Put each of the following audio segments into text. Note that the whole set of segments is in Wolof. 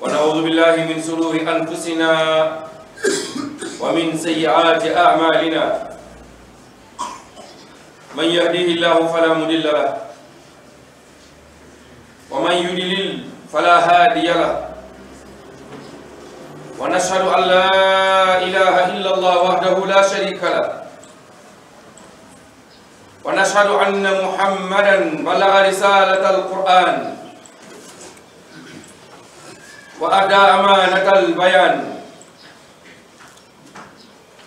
ونعوذ بالله من شرور أنفسنا ومن سيئات أعمالنا من يهديه الله فلا مضل له ومن يضلل فلا هادي له ونشهد أن لا إله إلا الله وحده لا شريك له ونشهد أن محمدا بلغ رسالة القرآن وأدى أمانة البيان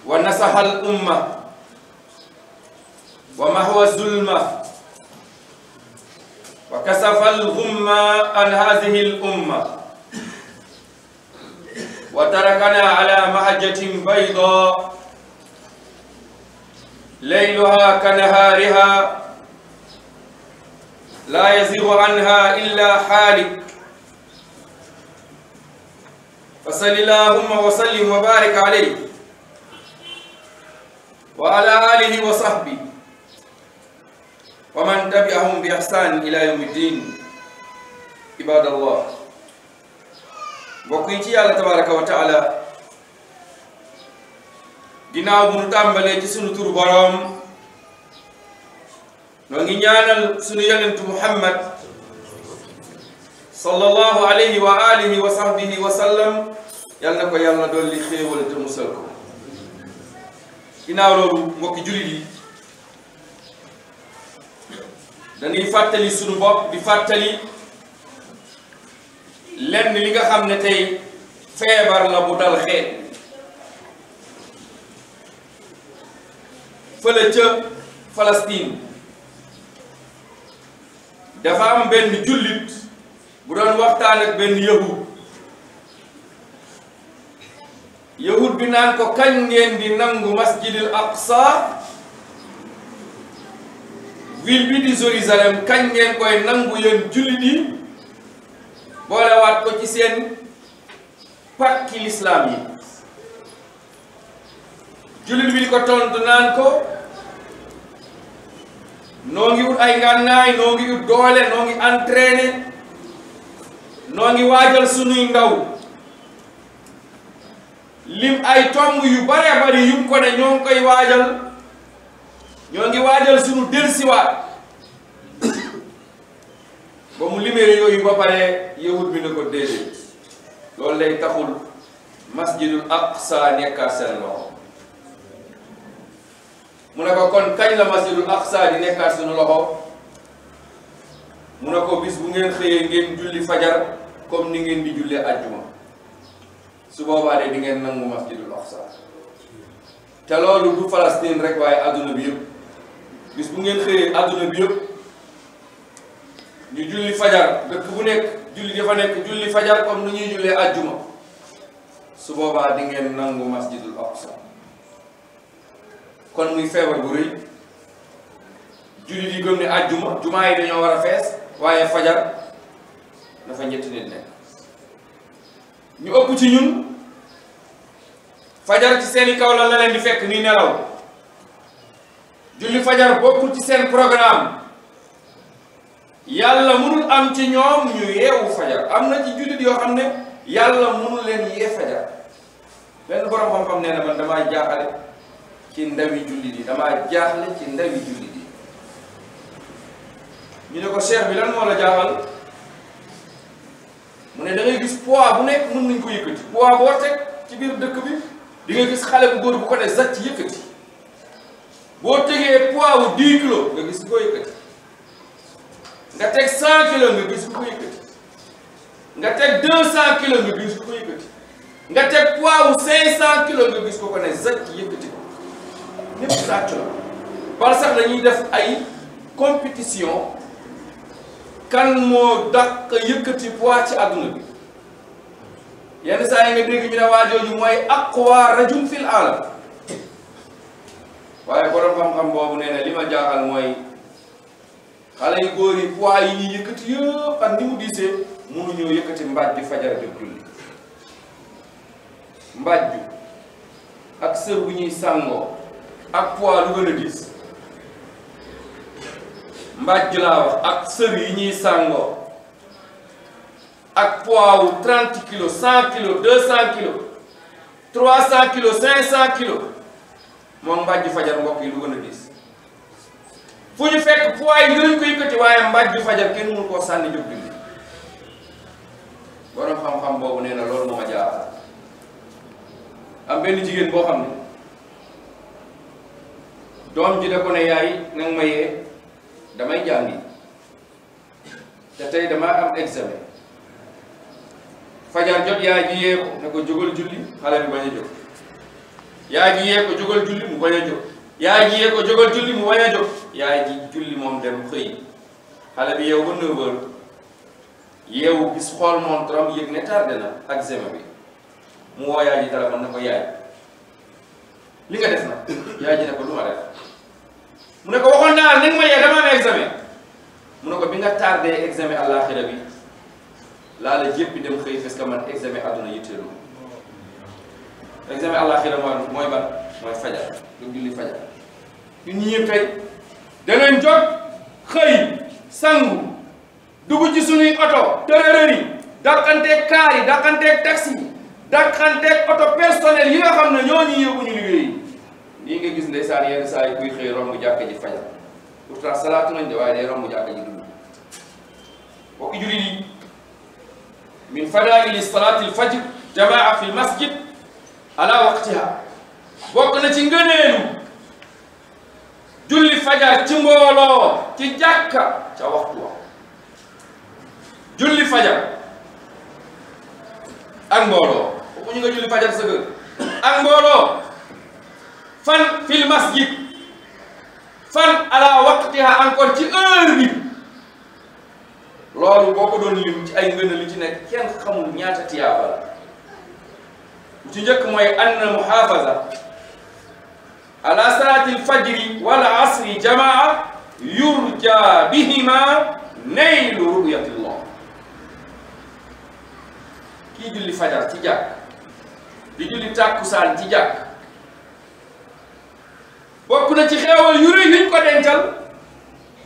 ونصح الأمة ومحو الظلمة وكسف الغمة عن هذه الأمة وتركنا على محجة بيضاء ليلها كنهارها لا يزيغ عنها إلا حالك فصل اللهم وسلم وبارك عليه وعلى آله وصحبه ومن تبعهم بإحسان إلى يوم الدين عباد الله وكنت يا الله تبارك وتعالى ginnaaw bu nu tàmbalee ci sunu turu boroom noo ngi ñaanal sunu yonentu muhammad sallallahu alayhi wa alihi wa sahbihi wa sallam yal na ko yàlla dolli xéewal te musal ko ginnaaw loolu mbokki jullit yi dañuy fàttali sunu bopp di fàttali lenn li nga xam ne tey feebar la bu dal fële ca Palestine dafa am benn jullit bu doon waxtaan ak benn yahud yahud bi naan ko kañ ngeen di nangu masjidil aqsa ville bi di kañ ngeen koy nangu yéen jullit yi boolewaat ko ci seen pàkki lislaam yi jullit bi ko tontu naan ko noo ngi wut ay ngànnaay noo ngi wut doole noo ngi entraîner noo ngi waajal sunuy ndaw lim ay tong yu bare bari yum ko ne ñoo ngi koy waajal ñoo ngi waajal sunu delsiwaat ba mu limee yooyu ba pare yewut bi ne ko déedéet loolu lay taxul masjidul aqsa nekkaat seen loxo mu ne ko kon kañ la masjidul aqsa di nekkaat suñu loxo mun ne ko bis bu ngeen xëyee ngeen julli fajar comme ni ngeen di jullee ajjuma su di ngeen nangu loolu du rek waaye adduna bi yëpp bis bu ngeen xëyee adduna bi yëpp ñu julli fajar dëkk bu ñuy jullee ajjuma su boobaa di ngeen nangu masjidul aqsa kon muy feebar bu rëy jullit yi gëm ne àjjuma jumaa yi dañoo war a fees waaye fajar dafa ñetti nit nekk ñu ëpp ci ñun fajar ci seeni kaw la la leen di fekk ni nelaw julli fajar bokkul ci seen programme yàlla mënul am ci ñoom ñu yeewu fajar am na ci jullit yoo xam ne yàlla mënul leen yee fajar benn borom xam-xam nee na man damaa ci ndawi jullit yi damaa jaaxle ci ndawi jullit yi ñu ne ko cheikh bi lan moo la jaaxal mu ne dangay gis poids bu nekk mën nañ ko yëkkati poids boo teg ci biir dëkk bi di nga gis xale bu góor bu ko ne zacc yëkkati boo tegee poids wu 10 kilos nga gis bu ko yëkkati nga teg 100 kilos nga gis bu ko yëkkati nga teg 200 kilos nga gis bu ko yëkkati nga teg poids wu 500 kilo nga gis ko ko ne zacc yëkkati ko lépp sàcc la wala sax dañuy def ay compétition kan moo dàq yëkkati poids ci àdduna bi yenn saa yi nga dégg ñu ne mooy aqwa rajul fil alam waaye borom xam-xam boobu nee li ma jaaxal mooy xale yu góor yi yi ñuy yëkkati yëpp ak ni mu diisee mënuñoo yëkkati mbàjju fajar bi julli mbàjju ak sër bu ñuy sàngoo ak poids lu gën a diis mbàjj laa ak sër yi ñuy sàngoo ak poids wu 30 kilos 100 kilos 200 kilos 300 kilos 500 kilos moom mbàjj fajar mbokk yi lu gën a diis fu ñu fekk poids yi dinañ ko yëkkati waaye mbàjj fajar kenn mënu koo sànni jóg julli borom xam-xam boobu nee loolu moo ma jaaxal am benn jigéen boo xam ne. doom ji da ko ne yaay nag ma damay jàngi te tey damaa am examen fajar jot yaay ji yee ko ne ko jógal julli xale bi bañ a jóg yaay ji yee ko jógal julli mu bañ a jóg yaay ji julli moom dem xëy xale bi yeewu ba 9 heures yeewu gis xool montre am yëg ne tardé na ak examen bi mu woo yaay ji téléphone ne ko yaay li nga def nag yaay ji ne ko lu ma def mu ne ko waxoon naa la ni ma yee dama am examen mu ne ko bi nga tardé examen àllaaxira bi laa la jéppi dem xëy parce que man examen àdduna yitteelu examen àllaaxira mooy ban mooy fajar lu julli fajar ñun ñi ñëpp tey danañ xëy sangu dugg ci suñuy oto tërërër yi dàqanteeg kaar yi dàqanteeg taxi yi oto personnel yi nga xam ne ñoo ñu yóbbu ñu liggéey lii nga gis ndeysaan yenn saa yi kuy xëy romb jàkk ji fajal pourtant salaatu nañ de waaye day romb jàkk ji dund bokki jullit yi min fadaili salaati lfajr jamaa fi masjid ala waqtiha bokk na ci ngëneelu julli fajar ci mbooloo ci jàkka ca waxtu wa julli fajar ak mbooloo bokku ñu nga julli fajar sa ak mbooloo fan fil masjid fan ala waqtiha encore ci heure bi loolu boo ko doon lim ci ay ngën li ci nekk kenn xamul ñaata tiyaaba la ci njëkk mooy anna muhafaza ala salati alfajri wal asri jamaa yurja bihima naylu ruyatillah kii julli fajar ci jàkk julli tàkkusaan ci jàkk bokk na ci xeewal yu rëy yuñ ko dencal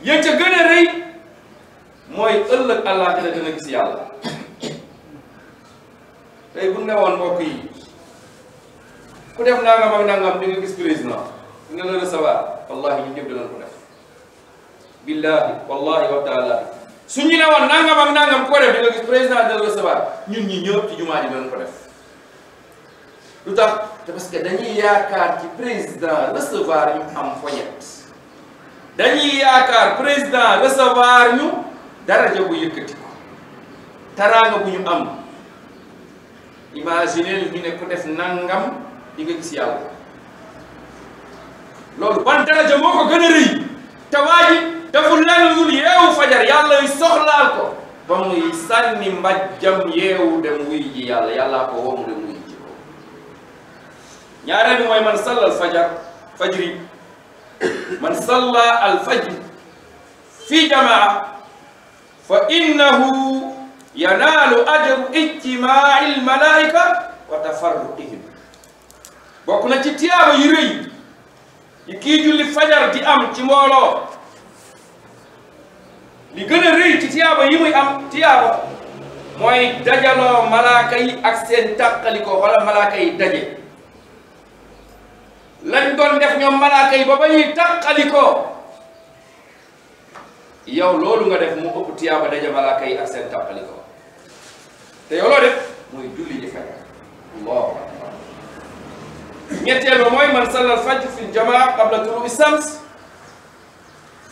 yéen ca gën a rëy mooy ëllëg àllaaxira dina gis yàlla tey bu ne woon mbokk yi ku def nangam ak nangam di nga gis président dina la recevoir wallahi ñu ñëpp dinañ ko def billahi wallahi wa taala su ñu ne woon nangam ak nangam ko def di nga gis président dina la recevoir ñun ñi ñëpp ci jumaa ji dinañ ko def lu tax te parce que dañuy yaakaar ci président recevoir ñu am foñet dañuy yaakaar président recevoir ñu daraja bu yëkkati ko taraanga bu ñu am imaginez ñu ne ku nangam di nga gis yàlla loolu ban daraja moo ko gën a rëy te waa ji lu yeewu fajar yàlla yu soxlaal ko ba muy sànni mbàjjam yeewu dem wuy ji yàlla yàllaa ko wom dem ñaareel bi mooy man salla al fajar fajri man salla al fajri fi jamaa fa innahu yanaalu ajru ijtimaai al malaika wa tafarruqihim bokk na ci tiyaaba yu rëy yi kii julli fajar di am ci mbooloo li gën a rëy ci tiyaaba yi muy am tiyaaba mooy dajaloo malaaka yi ak seen wala malaaka daje lañ doon def ñoom malaaka ba ba ñuy tàqalikoo yow loolu nga def mu ëpp tiyaaba daje malaaka yi ak seen tàqalikoo te yow loo def muy julli ji fekk allahu akbar mooy man sallal fajr fi jamaa qabla tuluwi shams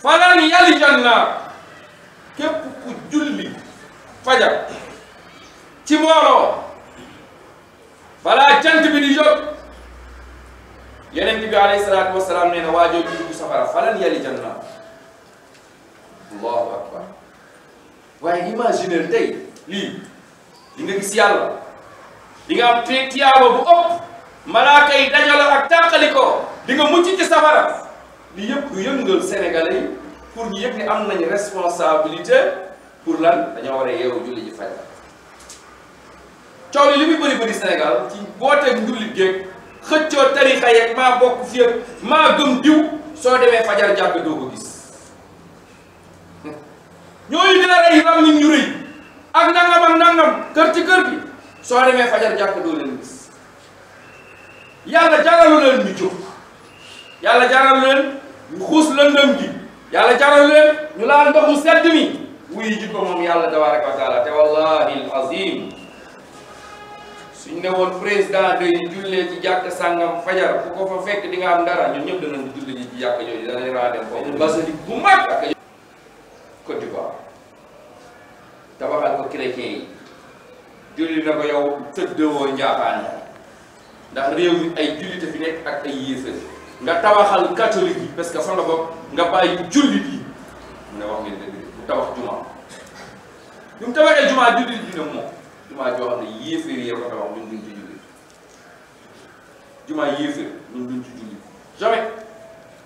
falan yalijan naar ku julli fajar ci mbooloo balaa jant bi di jot yonent bi alayhi salaatu wasalaam nee na waajoo ji dugg safara falan yali janna allahu akbar waaye imaginer tey lii li nga gis yàlla li nga am te bu ëpp malaaka yi dajalo ak ko di nga ci safara li yëpp yëngal sénégalais yi pour ñu ni am nañ responsabilité pour lan dañoo war yeewu julli ji fajar coow li li muy bëri bëri Sénégal ci booteeg njullit géeg xëccoo tarixa yeeg maa bokk fi ak maa gëm diw soo demee fajar jàpp doo ko gis ñooyu dina rey ram nit ñu ak nangam ak nangam kër ci soo demee fajar jàpp doo leen gis yàlla jaralu leen ñu jóg yàlla jaralu leen ñu xuus lëndëm gi yàlla jaralu leen ñu laal ndox sedd mi wuy jikko moom yàlla tabaraka wa taala te wallahi al suñ ne woon président day jullee ci jàkk sàngam fajar ku ko fa fekk di nga am dara ñun ñëpp danañ julli ji ci jàkk yooyu danañ raa dem foofu basilique bu mag ak Côte d'Ivoire tabaxal ko chrétien yi ko ay jullite fi ay yéefar nga tabaxal catholique yi parce que fa nga bopp nga bàyyi jullit yi mu ne wax ngeen dëgg bu tabax jumaa mu tabaxee jumaa jullit yi moom jumaa joo xam ne yéeféer yee ko tabax ñun duñ ci jumaa jamais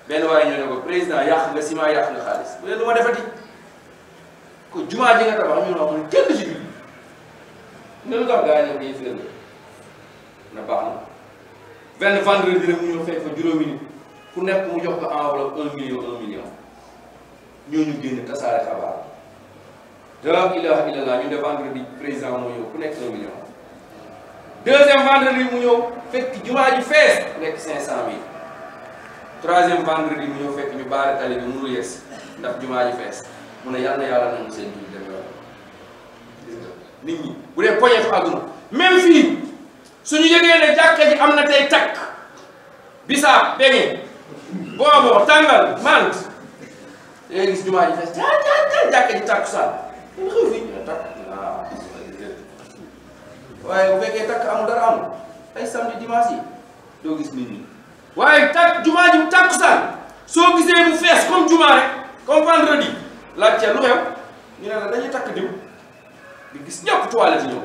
benn waaye ñoo ne ko président yàq nga ciment yàq nga xaalis bu dee lu ma defati ko jumaa ji nga tabax ñun amul kenn ci julli ne na baax na benn vendredi rek mu nekk mu jox ko enveloppe un million un million ñooñu génn tasaare xabaar la ilaha illallah ñu ne vendredi président moo ñëw ku nekk 1 million. deuxième vendredi mu ñëw fekk jumaa ji fees nekk 500000 troisième vendredi mu ñëw fekk ñu baare tali bi mënul yegsi ndax jumaa ji fees mu ne yàlla na yàlla nangu seen jiw dem yoon. nit ñi bu dee poñetu àdduna même fii suñu yëgee ne jàkka ji am na tey takk bisaab beñe boobo tàngal mant da ngay gis jumaa ji fees jàkka ji takku saal. dañ xew fi ñu takk ah waaye bu fekkee takk amul dara amul ay samedi dimanche yi doo gis nit ñi waaye takk jumaa ji takkusaan soo gisee mu fees comme jumaa rek comme vendredi laaj ca xew ñu ne la dañuy takk diw di gis ñëpp toilette yi ñëw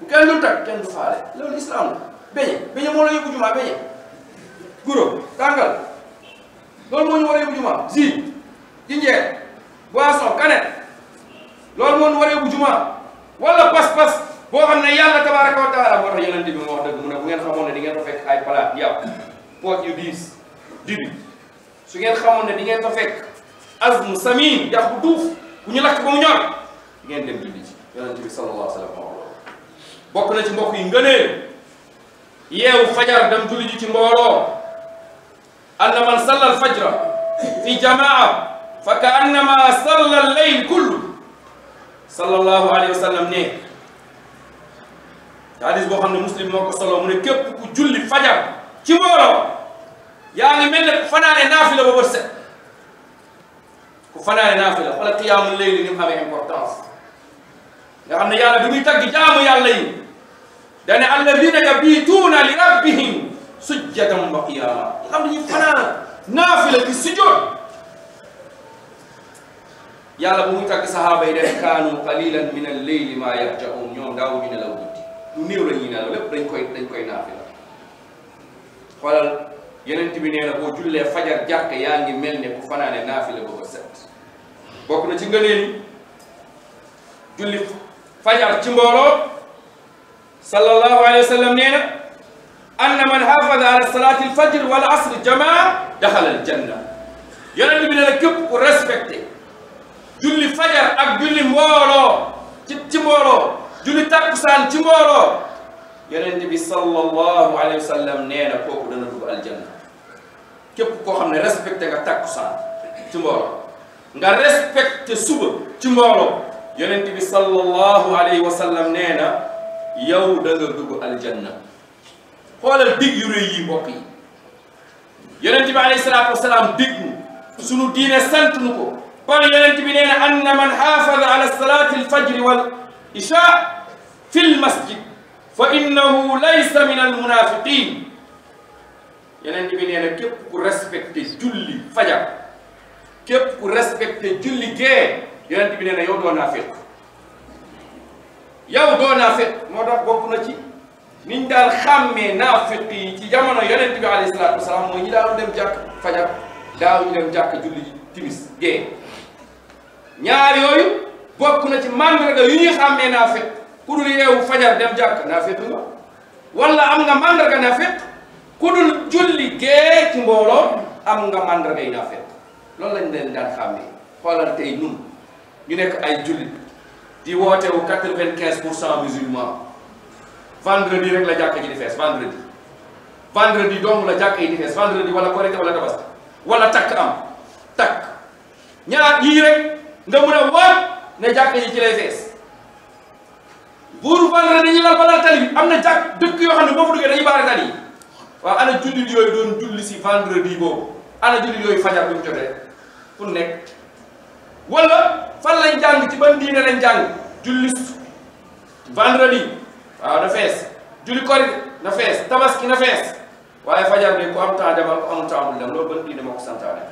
bu kenn dul takk kenn du faale loolu islam la beñe beñe moo la yóbbu beñe guro tàngal loolu moo ñu war a jinjeer boisson canette loolu moo ñu waree bu jumaa wala pas-pas boo xam ne yàlla tabaaraka wa taala moo tax yonent bi moo wax dëgg mu ne ngeen xamoon ne di ngeen fa fekk palaat yàpp poot yu diis dibi su ngeen xamoon ne di ngeen fa fekk azmu samin yax bu duuf bu ñu lakk ba mu ñor ngeen dem julli ci yonent bi sallallahu alayhi bokk na ci mbokk yi ngënee yeewu fajar dem julli ji ci mbooloo anna man salla al fajra fi jamaa fa ka ma salla al layl kullu sallallahu alayhi wa sallam ne hadis boo xam ne muslim moo ko solo mu ne képp ku julli fajar ci mbooloo yaa ngi mel ne ku fanaane naafila ba bët set ku fanaane naafila wala qiyaamu layli ni mu amee importance nga xam ne yàlla bi muy tagg jaamu yàlla yi dane alladina yabituuna li rabbihim sujjatan wa qiyaama nga xam ne ñu fanaana naafila bi sujjoot yàlla bu muy tàgg sahaaba yi kaanu qalilan min al leyli maa yarjaun ñoom daawu nelaw guddi lu néew la ñuy nelaw lépp dañ koy dañ koy naafila xoolal yeneen bi fajar jàkk yaa mel ne fanaane naafila ba set bokk na ci ngëneeli julli fajar ci mbooloo sallallahu alayhi wa sallam nee na anna man hafada ala salati al fajr wal jamaa daxala al janna bi nee na képp julli fajar ak julli mbooloo ci ci mbooloo julli takkusaan ci mbooloo yonent bi sallallahu alayhi wa sallam nee kooku dana dugg aljanna képp koo xam ne respecté nga takkusaan ci mbooloo nga respecté suba ci mbooloo yonent bi sallallahu alayhi wa sallam nee na yow da nga dugg aljanna xoolal dig yu rëy yi mbokk yi yonent bi alayhi salaatu wasalaam dig nu sunu sant nu ko kon yonent bi nee na anna man xaafada ala salaati alfajri wal isha fi lmasjid fa innahu laysa min almunafiqin yonent bi nee na képp ku respecté julli fajar képp ku respecté julli gee yonent bi nee na yow doo naafiq yow doo naafiq moo tax bokk na ci niñ daal xàmmee naafiq yi ci jamono yonent bi alayhi salaatu wasalaam mooy ñi daaw dem jàkk fajar daaw ñu dem jàkk julli timis gee ñaar yooyu bokk na ci mandarga yu ñuy xàmmee naa fekk ku dul yeewu fajar dem jàkk naa fekk nga wala am nga mandarga naa fekk ku dul julli gee ci mbooloo am nga mandarga yi naa fekk loolu lañ leen daan xàmmee xoolal tey ñu nekk ay jullit di wootewu quatre-vingt-quinze pour cent musulman vendredi rek la jàkk ji di fees vendredi vendredi dong la jàkk yi di fees vendredi wala korite wala tabaski wala takk am takk ñaar yii rek nga mun a waat ne jàkk yi ci lay fees buur vendredi dañuy lal balal tali bi am na jàkk dëkk yoo xam ne boo fa duggee dañuy baare tali yi waaw ana jullit yooyu doon julli si vendredi boobu ana jullit yooyu fajar bi mu jotee fu nekk wala fan lañ jàng ci ban diine lañ jàng julli vendredi waaw na fees julli korite na fees tabaski na fees waaye fajar bi ku am temps dem loolu ban diine moo ko santaane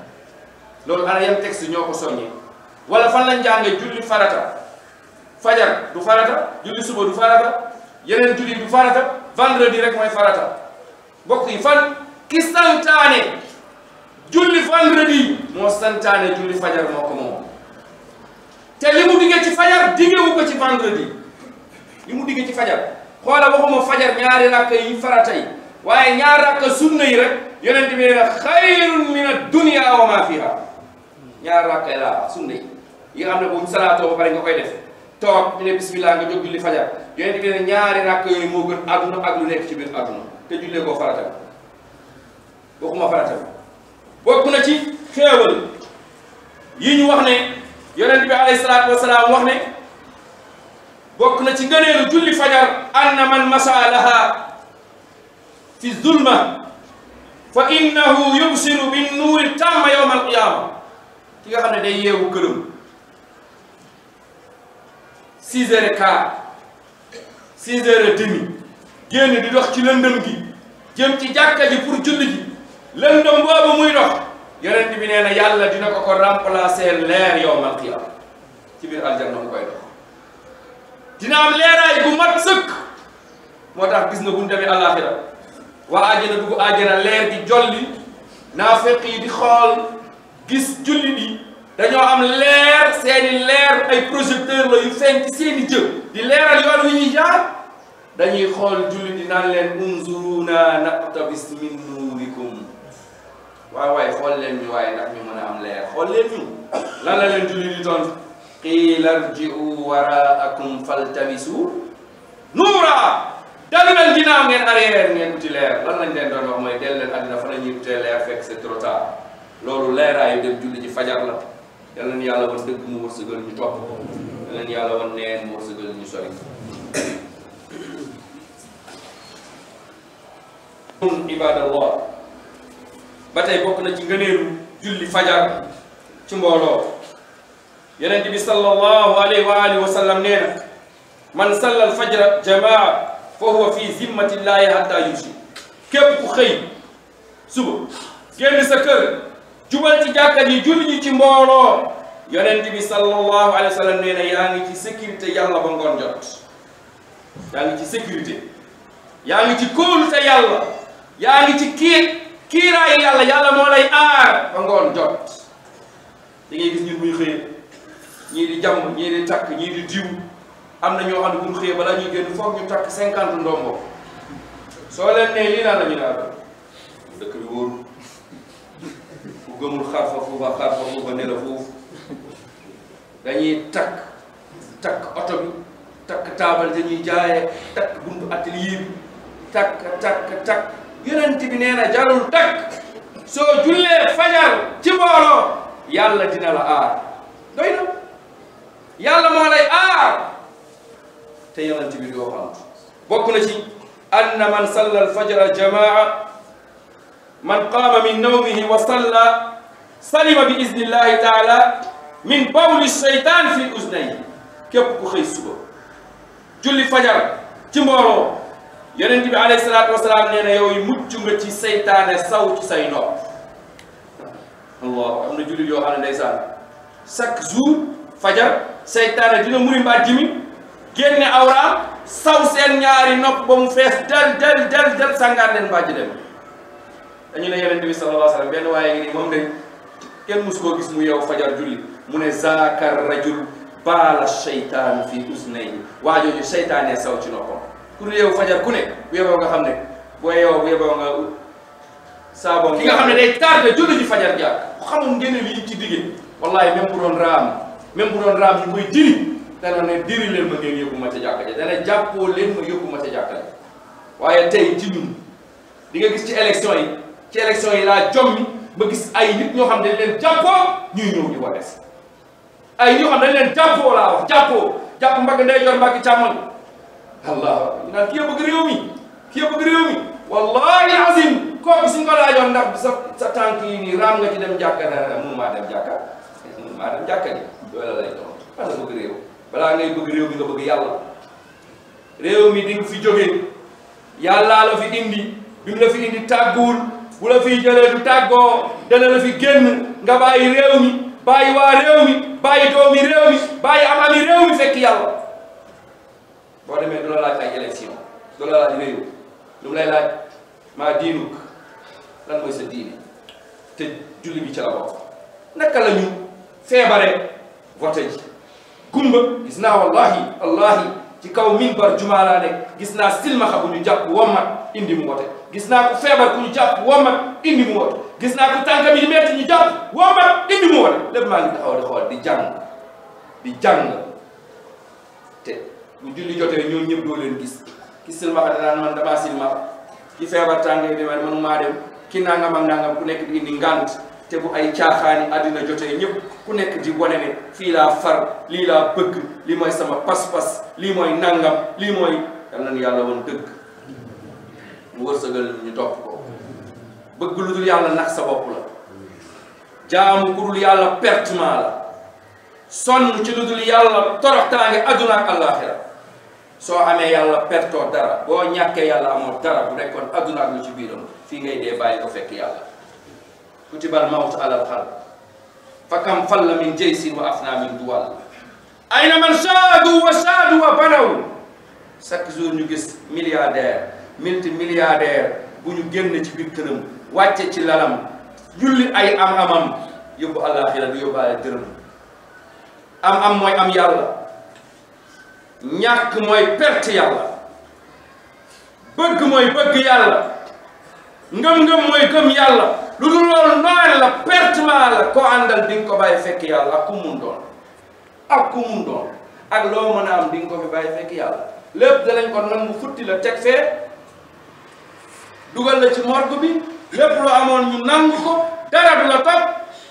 loolu ana yan texte ñoo ko soññee wala fan la jàngee julli farata fajar du farata julli suba du farata yeneen julli du farata vendredi rek mooy farata mbokk yi fan ki santaane julli vendredi moo santaane julli fajar moo ko moom te li mu diggee ci fajar diggewu ko ci vendredi li mu diggee ci fajar xoola waxuma fajar ñaari rakka yi farata yi waaye ñaar rakka sunna yi rek yonent bi nee na xayrun min ad dunya wa ma fiha ñaar rakka la sunna yi yi nga xam ne bu ñu salaatoo ba pare nga koy def toog ñu bismillah nga jóg julli fajar yonent bi ne ñaari rakk yooyu moo gën àdduna ak lu nekk ci biir àdduna te jullee koo farata bi waxuma farata bokk na ci xéewal yi ñu wax ne yonent bi alayhi salaatu wasalaam wax ne bokk na ci ngëneelu julli fajar na man masalaha fi zulma fa innahu yubsiru bin nuuri tàmma yowma alqiyama ki nga xam ne day yeewu këram six heures et quart six demi génn di dox ci lëndëm gi jëm ci jàkka ji pour julli ji lëndëm boobu muy dox yonent bi nee na yàlla dina ko ko remplacer leer yawmal qiyaam ci biir aljanna koy dina am leeraay bu mat sëkk moo tax gis na bu ñu demee àllaaxira waa àjjana dugg àjjana leer di jolli naafeq yi di xool gis julli bi dañoo am leer seeni leer ay projecteur la yu feeñ ci seeni jëf di leeral yoon wi ñuy jaar dañuy xool julli di naan leen unzuruna naqtabis min nuurikum waaw xool leen ñu waaye ndax ñu mën a am leer xool leen ñu lan la leen julli di tontu qiila irji'u waraakum faltamisu nuura dalu leen ginnaaw leer lan lañ leen doon wax mooy del leen àddina fa la ñuy utee leer fekk c'est trop tard loolu leeraayu dem julli ji fajar la yal nañu yàlla wan dëgg mu wërsëgal ñu topp yal nañu yàlla wan neen mu wërsëgal ñu sori nun ibadallah ba tey bokk na ci ngëneelu julli fajar ci mbooloo yonent bi sallallahu alayhi wa alihi wa sallam nee na man salla al fajra jamaa fa huwa fi zimmatillahi hatta yusi képp ku xëy suba génn sa kër jubal ci jàkkat yi julli ji ci mbooloo yonent bi sallallahu alayhi wa sallam nee yaa ngi ci sécurité yàlla ba ngoon jot yaa ngi ci sécurité yaa ngi ci kóolute yàlla yaa ngi ci kii kiiraayu yàlla yàlla moo lay aar ba ngoon jot da ngay gis ñun muy xëyee ñii di jàmm ñii di takk ñii di diw am na ñoo xam ne bu ñu xëyee balaa ñuy génn foog ñu takk cinquante ndombo soo leen nee lii naan la ñu naan dëkk bi wóorul gëmul xarfa fuufa xarfa fuufa dañuy takk takk oto bi takk taabal dañuy jaayee takk buntu atelier bi takk takk takk yonent bi nee na takk soo jullee fajar ci mbooloo yàlla dina la aar doy na yàlla moo lay aar te yonent bi doo xam bokk na ci anna man salla al jamaa man qaama min nawmihi wa salla salima bi iznillahi taala min bawli seytaan fi uznayhi képp ku xëy suba julli fajar ci mbooloo yonent bi alayhi salaatu ci seytaane saw ci say nopp allah am na jullit yoo xam ne ndeysaan chaque jour fajar seytaane dina muri mbaat jimi génne awraam saw seen ñaari nopp ba mu fees dal dal dal dal sàngaan leen mbàjj dem dañu ne yonent bi sallallahu alayhi wa sallam benn waaye moom de kenn musu koo gis mu yow fajar julli mu ne zaakar rajul baala seytaanu fi usnay waa jooju seytaanee saw ci noppam ku ne yow fajar ku ne bu yeboo nga xam ne boo yow bu yeboo nga saabon ki nga xam ne day tardé julli ji fajar jaar xamul ngeen li ci digge wallahi même bu doon raam même bu doon raam ñu koy diri dana diri leen ma ngeen yóbbu ma ca jàkka ja dana jàppoo leen ma yóbbu ma ca jàkka ja waaye tey ci nga gis ci élection yi ci élection yi laa jommi ma gis ay nit ñoo xam ne dañ leen jàppoo ñuy ñëw di warees ay ñoo xam ne dañ leen jàppoo laa wax jàppoo jàpp mbagg ndeyjoor mbagg càmmoñ allah ñu naan kii bëgg réew mi kii bëgg réew mi wallahi azim kooku suñ ko laajoon ndax sa sa tànk yi nii raam nga ci dem jàkka ne mun maa dem jàkka mun maa dem jàkka ni loolu la ngay bëgg réew mi nga bëgg yàlla réew mi di fi jógee yàllaa la fi indi bi mu la fi indi tàgguwul bu la fiy jëlee du tàggoo dana la fi génn nga bàyyi réew mi bàyyi waa réew mi bàyyi doomi réew mi bàyyi amami réew mi fekk yàlla boo demee du la laaj ay élection du la laaj réew lu mu lay laaj maa diinuk lan mooy sa diine te julli bi ci la bokk naka la ñu feebare vote ji gumba gis naa wallahi allahi ci kaw minbar jumaa laa nekk gis naa silmaxa bu ñu jàpp wammat indi mu wote gis naa ko feebar ku ñu jàpp indi mu gis naa ko tànkam yi metti ñu jàpp wommat indi mu wat maa ngi taxaw di xool di jàng di jàng te bu julli jotee ñoo ñëpp doo leen gis ki silmaxa danaan man damaa silmaxa ki feebar tànkam yi demee man maa dem ki nangam nangam ku nekk di indi ngant te bu ay caaxaani àddina jotee ñëpp ku nekk di wane ne fii laa far lii laa bëgg lii mooy sama pas-pas lii mooy nangam lii mooy yal nañu yàlla woon dëgg mu wërsëgal ñu topp ko bëgg lu dul yàlla nax sa bopp la jaamu ku dul yàlla pertement la sonn ci lu dul yàlla toroxtaange adduna ak àllaaxira soo amee yàlla pertoo dara boo ñàkkee yàlla amoon dara bu nekkoon adduna ak lu ci biiram fii ngay dee bàyyi ko fekk yàlla kutibal mawt alal xal fa kam falla min jaysin wa afna min duwal ayna man saadu wa saadu wa banaw chaque jour ñu gis milliardaire multi milliardaire bu ñu génn ci biir këram wàcce ci lalam julli ay am-amam yóbbu àllaaxira du yóbbaale dërëm am-am mooy am yàlla ñàkk mooy perte yàlla bëgg mooy bëgg yàlla ngëm-ngëm mooy gëm yàlla lu dul loolu noonu la perte maa la koo àndal di ko bàyyi fekk yàlla ak ku ak ku ak loo mën a am di ko bàyyi fekk yàlla lépp danañ ko nangu futti la teg fee dugal na ci morgue bi lépp lu amoon ñu nangu ko dara du la topp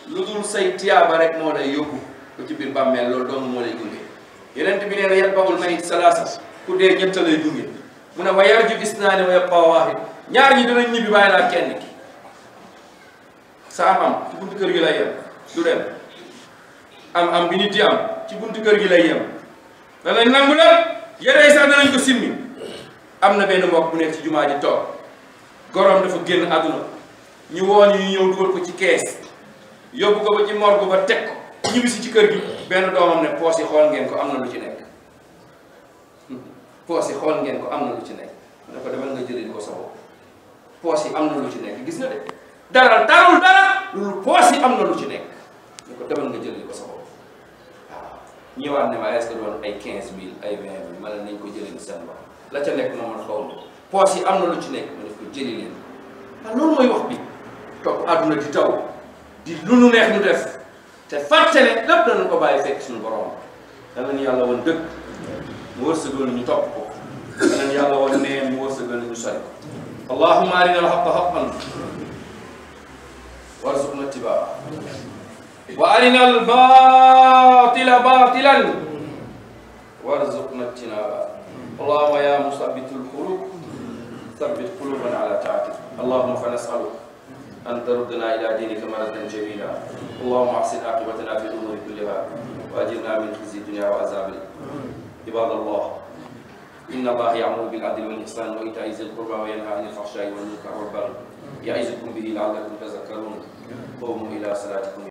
lu dul say tiyaaba rek moo lay yóbbu ba ci biir bàmmeel loolu doomu moo lay gunge yeneen bi nee na yatba'ul mayyit salaasa ku dee ñett lay gunge mu gi lay yem du dem am bi nit di am gi lay yem danañ nangu la yére yi sax na benn mbokk bu nekk ci jumaa goroom dafa génn àdduna ñu woon ñu ñëw dugal ko ci kees yóbbu ko ba ci morgue ba teg ko ñibbisi ci kër gi benn doomam ne poos yi xool ngeen ko am na lu ci nekk poos yi xool ngeen ko am na lu ci nekk ne ko demal nga jëlee ko sa bopp poos yi am lu ci gis na de dara darul dara lu yi am na lu ci nekk ne ko demal nga jëlee ko sa bopp waaw ñëwaat ne ma est-ce que doon ay 15000 ay 20000 ma ne nañ ko jëlee seen bopp la ca nekk moom xaw ma poos yi am na lu ci nekk mu def ko jëli leen ah loolu mooy wax bi topp àdduna di lu nu neex ñu def te fàtte ne lépp ko bàyyi fekk suñu borom dana ñu yàlla woon dëkk mu wërsëgal ñu topp ko dana ñu yàlla woon nee mu wërsëgal ñu sori ko allahumma arina alxaqa xaqan warzuqna ittibaa wa ya musabitul xulub ثبت قلوبنا على طاعتك اللهم فنسألك أن تردنا إلى دينك مرة جميلة اللهم أحسن عاقبتنا في الأمور كلها وأجرنا من خزي الدنيا وعذاب عباد الله إن الله يعمر بالعدل والإحسان وإيتاء ذي القربى وينهى عن الفحشاء والمنكر والبغي يعظكم به لعلكم تذكرون قوموا إلى صلاتكم